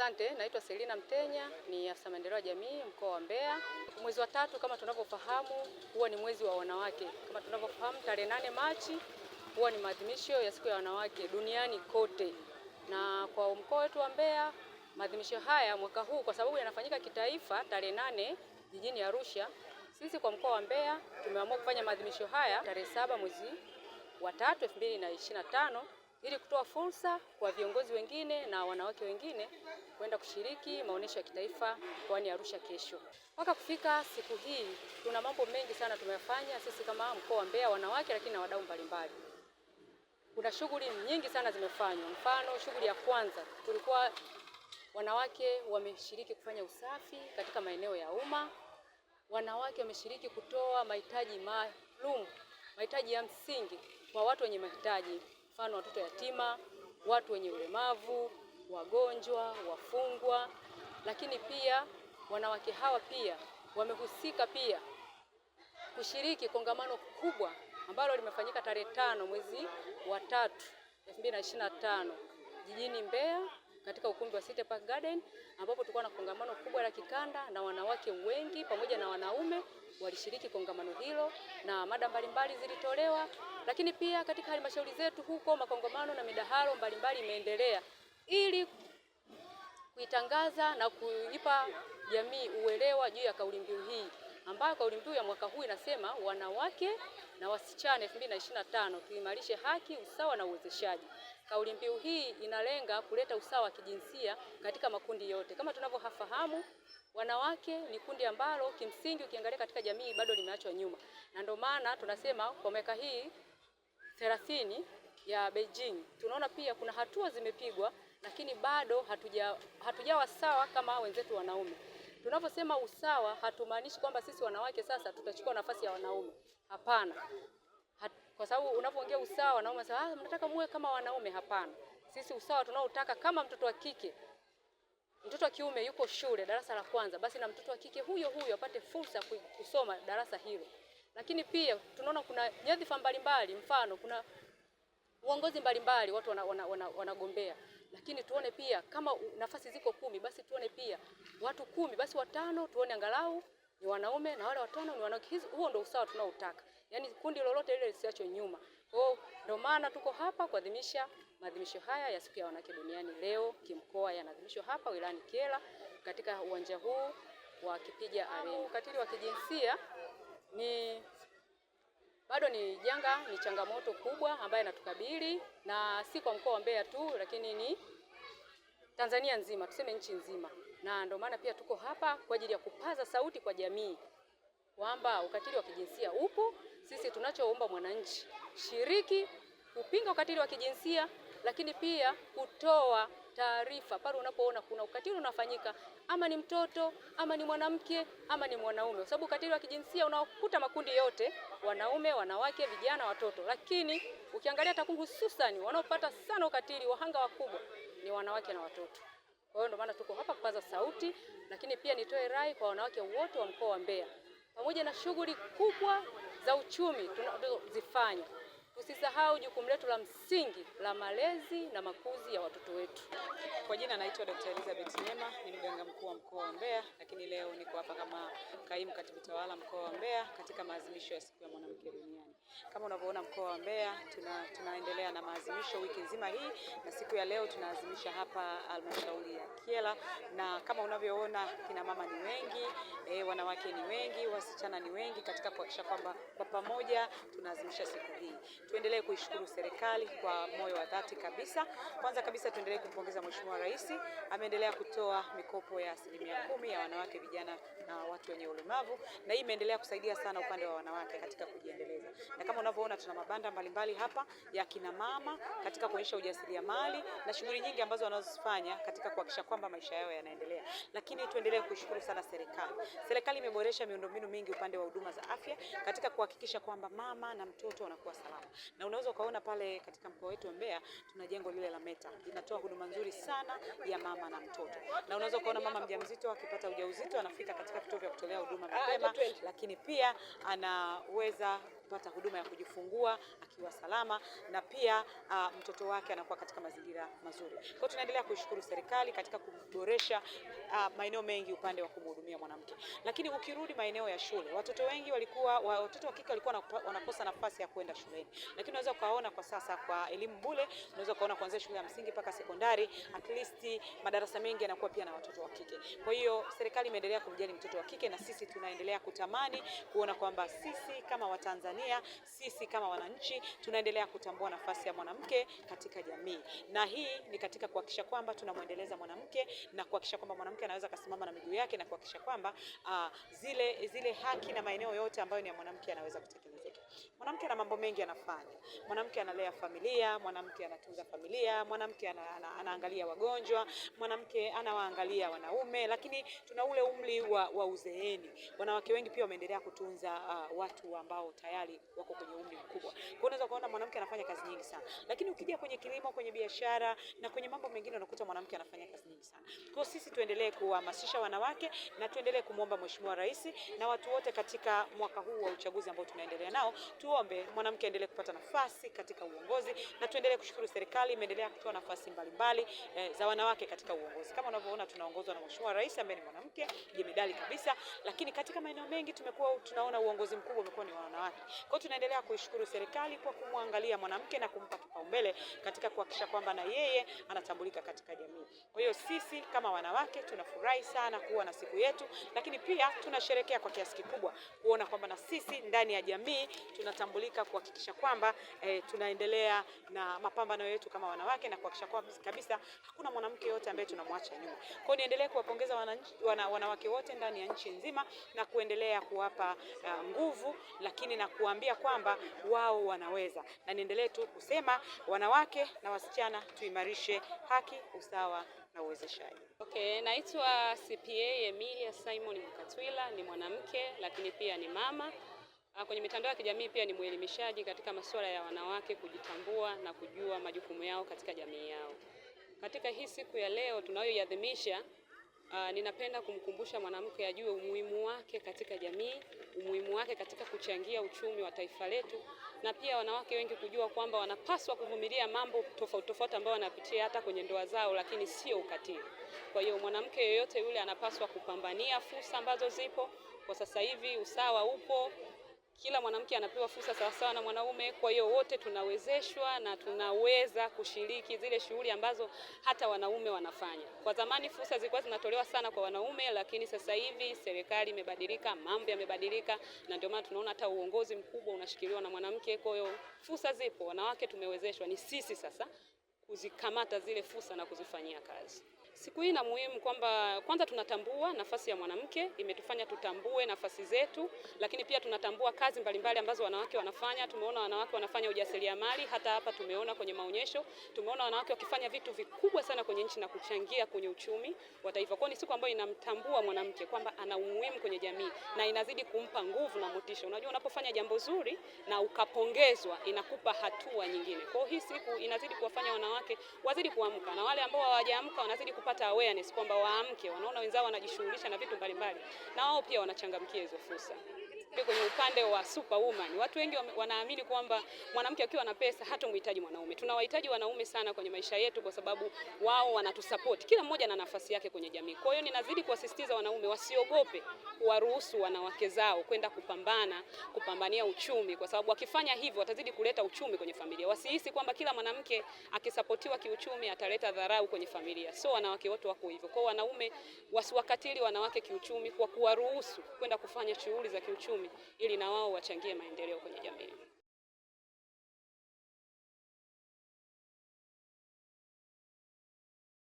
Asante, naitwa Selina Mtenya, ni afisa maendeleo ya jamii mkoa wa Mbeya. Mwezi wa tatu kama tunavyofahamu huwa ni mwezi wa wanawake. Kama tunavyofahamu tarehe nane Machi huwa ni maadhimisho ya siku ya wanawake duniani kote, na kwa mkoa wetu wa Mbeya maadhimisho haya mwaka huu kwa sababu yanafanyika kitaifa tarehe nane jijini Arusha, sisi kwa mkoa wa Mbeya tumeamua kufanya maadhimisho haya tarehe saba mwezi wa tatu 2025 ili kutoa fursa kwa viongozi wengine na wanawake wengine kwenda kushiriki maonyesho ya kitaifa mkoani Arusha kesho. Mpaka kufika siku hii, tuna mambo mengi sana tumeyafanya sisi kama mkoa wa Mbeya, wanawake lakini na wadau mbalimbali. Kuna shughuli nyingi sana zimefanywa. Mfano, shughuli ya kwanza tulikuwa wanawake wameshiriki kufanya usafi katika maeneo ya umma. Wanawake wameshiriki kutoa mahitaji maalum, mahitaji ya msingi kwa watu wenye mahitaji mfano watoto yatima, watu wenye ulemavu, wagonjwa, wafungwa. Lakini pia wanawake hawa pia wamehusika pia kushiriki kongamano kubwa ambalo limefanyika tarehe tano mwezi wa tatu 2025 jijini Mbeya katika ukumbi wa City Park Garden ambapo tulikuwa na kongamano kubwa la kikanda na wanawake wengi pamoja na wanaume walishiriki kongamano hilo na mada mbalimbali zilitolewa lakini pia katika halmashauri zetu huko makongamano na midahalo mbalimbali imeendelea ili kuitangaza na kuipa jamii uelewa juu ya kauli mbiu hii ambayo kauli mbiu ya mwaka huu inasema wanawake na wasichana 2025 tuimarishe haki, usawa na uwezeshaji. Kauli mbiu hii inalenga kuleta usawa wa kijinsia katika makundi yote. Kama tunavyofahamu, wanawake ni kundi ambalo kimsingi ukiangalia katika jamii bado limeachwa nyuma, na ndio maana tunasema kwa miaka hii thelathini ya Beijing. Tunaona pia kuna hatua zimepigwa, lakini bado hatuja hatujawa sawa kama wenzetu wanaume. Tunaposema usawa, hatumaanishi kwamba sisi wanawake sasa tutachukua nafasi ya wanaume. Hapana, Hat, kwa sababu unapoongea usawa wanaume sasa, ah, mnataka muwe kama wanaume. Hapana, sisi usawa tunaotaka kama mtoto wa kike mtoto wa kiume yuko shule darasa la kwanza, basi na mtoto wa kike huyo huyo apate fursa kusoma darasa hilo. Lakini pia tunaona kuna nyadhifa mbalimbali, mfano kuna uongozi mbalimbali watu wanagombea wana, wana, wana lakini tuone pia kama nafasi ziko kumi, basi tuone pia watu kumi, basi watano tuone angalau ni wanaume na wale watano ni wanawake. Huo ndio usawa tunaoutaka, yaani kundi lolote lile lisiachwe nyuma. Kwa hiyo ndio maana tuko hapa kuadhimisha maadhimisho haya ya siku ya wanawake duniani. Leo kimkoa yanaadhimishwa hapa wilayani Kyela katika uwanja huu wa Kipiga Arena. Ukatili wa kijinsia ni bado ni janga, ni changamoto kubwa ambayo inatukabili na si kwa mkoa wa Mbeya tu, lakini ni Tanzania nzima, tuseme nchi nzima, na ndio maana pia tuko hapa kwa ajili ya kupaza sauti kwa jamii kwamba ukatili wa kijinsia upo. Sisi tunachoomba mwananchi, shiriki kupinga ukatili wa kijinsia, lakini pia kutoa taarifa pale unapoona kuna ukatili unafanyika, ama ni mtoto ama ni mwanamke ama ni mwanaume, kwa sababu ukatili wa kijinsia unaokuta makundi yote, wanaume, wanawake, vijana, watoto. Lakini ukiangalia takwimu, hususani wanaopata sana ukatili, wahanga wakubwa ni wanawake na watoto. Kwa hiyo ndio maana tuko hapa kupaza sauti, lakini pia nitoe rai kwa wanawake wote wa mkoa wa Mbeya, pamoja na shughuli kubwa za uchumi tunazozifanya Tusisahau jukumu letu la msingi la malezi na makuzi ya watoto wetu. Kwa jina naitwa Dr. Elizabeth Nema, ni mganga mkuu wa mkoa wa Mbeya, lakini leo niko hapa kama kaimu katibu tawala mkoa wa Mbeya katika maadhimisho ya siku ya mwanamke duniani. Kama unavyoona mkoa wa Mbeya tuna, tunaendelea na maazimisho wiki nzima hii na siku ya leo tunaazimisha hapa halmashauri ya Kyela, na kama unavyoona kina mama ni wengi e, wanawake ni wengi, wasichana ni wengi katika kuhakikisha kwamba kwa pamoja tunaazimisha siku hii. Tuendelee kuishukuru serikali kwa moyo wa dhati kabisa. Kwanza kabisa tuendelee kumpongeza Mheshimiwa Rais, ameendelea kutoa mikopo ya asilimia kumi ya wanawake, vijana na watu wenye ulemavu, na hii imeendelea kusaidia sana upande wa wanawake katika kujiendeleza na kama unavyoona tuna mabanda mbalimbali hapa ya kina mama katika kuonyesha ujasiriamali na shughuli nyingi ambazo wanazofanya katika kuhakikisha kwamba maisha yao yanaendelea. Lakini tuendelee kushukuru sana serikali. Serikali imeboresha miundombinu mingi upande wa huduma za afya katika kuhakikisha kwamba mama na mtoto wanakuwa salama, na unaweza ukaona pale katika mkoa wetu wa Mbeya tuna jengo lile la Meta linatoa huduma nzuri sana ya mama na mtoto, na unaweza ukaona mama mjamzito akipata ujauzito anafika katika vituo vya kutolea huduma mapema, ah, lakini pia anaweza kupata huduma ya kujifungua akiwa salama na pia uh, mtoto wake anakuwa katika mazingira mazuri. Kwa hiyo tunaendelea kuishukuru serikali katika kuboresha uh, maeneo mengi upande wa kumhudumia mwanamke. Lakini ukirudi maeneo ya shule, watoto wengi walikuwa watoto wa kike walikuwa wanakosa nafasi ya kwenda shuleni, lakini unaweza ukaona kwa sasa kwa elimu bure, unaweza ukaona kuanzia shule ya msingi mpaka sekondari, at least madarasa mengi yanakuwa pia na watoto wa kike. Kwa hiyo serikali imeendelea kumjali mtoto wa kike, na sisi tunaendelea kutamani kuona kwamba sisi kama Watanzania Tanzania, sisi kama wananchi tunaendelea kutambua nafasi ya mwanamke katika jamii, na hii ni katika kuhakikisha kwamba tunamwendeleza mwanamke na kuhakikisha kwamba mwanamke anaweza akasimama na miguu yake na kuhakikisha kwamba uh, zile, zile haki na maeneo yote ambayo ni ya mwanamke yanaweza kutekelezeka. Mwanamke ana mambo mengi anafanya. Mwanamke analea familia, mwanamke anatunza familia, mwanamke ana, ana, anaangalia wagonjwa, mwanamke anawaangalia wanaume, lakini tuna ule umri wa, wa uzeeni. Wanawake wengi pia wameendelea kutunza uh, watu ambao tayari wako kwenye umri mkubwa. Kwa hiyo unaweza kuona mwanamke anafanya kazi nyingi sana, lakini ukija kwenye kilimo, kwenye biashara na kwenye mambo mengine unakuta mwanamke anafanya kazi nyingi sana. Kwa hiyo sisi tuendelee kuhamasisha wanawake na tuendelee kumwomba Mheshimiwa Rais na watu wote katika mwaka huu wa uchaguzi ambao tunaendelea nao tu tuombe mwanamke aendelee kupata nafasi katika uongozi, na tuendelee kushukuru serikali imeendelea kutoa nafasi mbalimbali e, za wanawake katika uongozi. Kama unavyoona tunaongozwa na Mheshimiwa Rais ambaye ni mwanamke jemedali kabisa, lakini katika maeneo mengi tumekuwa tunaona uongozi mkubwa umekuwa ni wanawake. Kwa hiyo tunaendelea kuishukuru serikali kwa kumwangalia mwanamke na kumpa kipaumbele katika kuhakikisha kwamba na yeye anatambulika katika jamii. Kwa hiyo sisi kama wanawake tunafurahi sana kuwa na siku yetu, lakini pia tunasherekea kwa kiasi kikubwa kuona kwamba na sisi ndani ya jamii tuna tunatambulika kuhakikisha kwamba e, tunaendelea na mapambano yetu kama wanawake na kuhakikisha kwa kabisa hakuna mwanamke yote ambaye tunamwacha nyuma. Kwa hiyo niendelee kuwapongeza wana, wanawake wote ndani ya nchi nzima na kuendelea kuwapa uh, nguvu, lakini na kuambia kwamba wao wanaweza, na niendelee tu kusema wanawake na wasichana tuimarishe haki, usawa na uwezeshaji. Okay, naitwa CPA Emilia Simon Mkatwila, ni mwanamke lakini pia ni mama Ah, kwenye mitandao ya kijamii pia ni mwelimishaji katika masuala ya wanawake kujitambua na kujua majukumu yao katika jamii yao. Katika hii siku ya leo tunayoiadhimisha, uh, ninapenda kumkumbusha mwanamke ajue umuhimu wake katika jamii, umuhimu wake katika kuchangia uchumi wa taifa letu, na pia wanawake wengi kujua kwamba wanapaswa kuvumilia mambo tofauti tofauti ambayo wanapitia hata kwenye ndoa zao, lakini sio ukatili. Kwa hiyo mwanamke yeyote yule anapaswa kupambania fursa ambazo zipo kwa sasa hivi. Usawa upo, kila mwanamke anapewa fursa sawasawa na mwanaume. Kwa hiyo wote tunawezeshwa na tunaweza kushiriki zile shughuli ambazo hata wanaume wanafanya. Kwa zamani fursa zilikuwa zinatolewa sana kwa wanaume, lakini sasa hivi serikali imebadilika, mambo yamebadilika, na ndio maana tunaona hata uongozi mkubwa unashikiliwa na mwanamke. Kwa hiyo fursa zipo, wanawake tumewezeshwa, ni sisi sasa kuzikamata zile fursa na kuzifanyia kazi. Siku hii na muhimu kwamba kwanza tunatambua nafasi ya mwanamke, imetufanya tutambue nafasi zetu, lakini pia tunatambua kazi mbalimbali ambazo wanawake wanafanya. Tumeona wanawake wanafanya ujasiriamali, hata hapa tumeona kwenye maonyesho, tumeona wanawake wakifanya vitu vikubwa sana kwenye nchi na kuchangia kwenye uchumi wa taifa. Kwa ni siku ambayo inamtambua mwanamke kwamba ana umuhimu kwenye jamii na inazidi kumpa nguvu na motisha. Unajua, unapofanya jambo zuri na ukapongezwa, inakupa hatua nyingine. Kwa hii siku inazidi kuwafanya wanawake wazidi kuamka na wale ambao hawajaamka wanazidi wanapata awareness kwamba waamke, wanaona wenzao wanajishughulisha na vitu mbalimbali, na wao pia wanachangamkia hizo fursa kwenye upande wa superwoman. Watu wengi wanaamini kwamba mwanamke akiwa na pesa hata muhitaji mwanaume. Tunawahitaji wanaume sana kwenye maisha yetu, kwa sababu wao wanatusupport. Kila mmoja na nafasi yake kwenye jamii. Kwa hiyo ninazidi kuwasisitiza wanaume wasiogope kuwaruhusu wanawake zao kwenda kupambana, kupambania uchumi, kwa sababu wakifanya hivyo watazidi kuleta uchumi kwenye familia. Wasihisi kwamba kila mwanamke akisapotiwa kiuchumi ataleta dharau kwenye familia. So wanawake wote wako hivyo. Kwa wanaume wasiwakatili wanawake kiuchumi kwa kuwaruhusu kwenda kufanya shughuli za kiuchumi kumi ili na wao wachangie maendeleo kwenye jamii.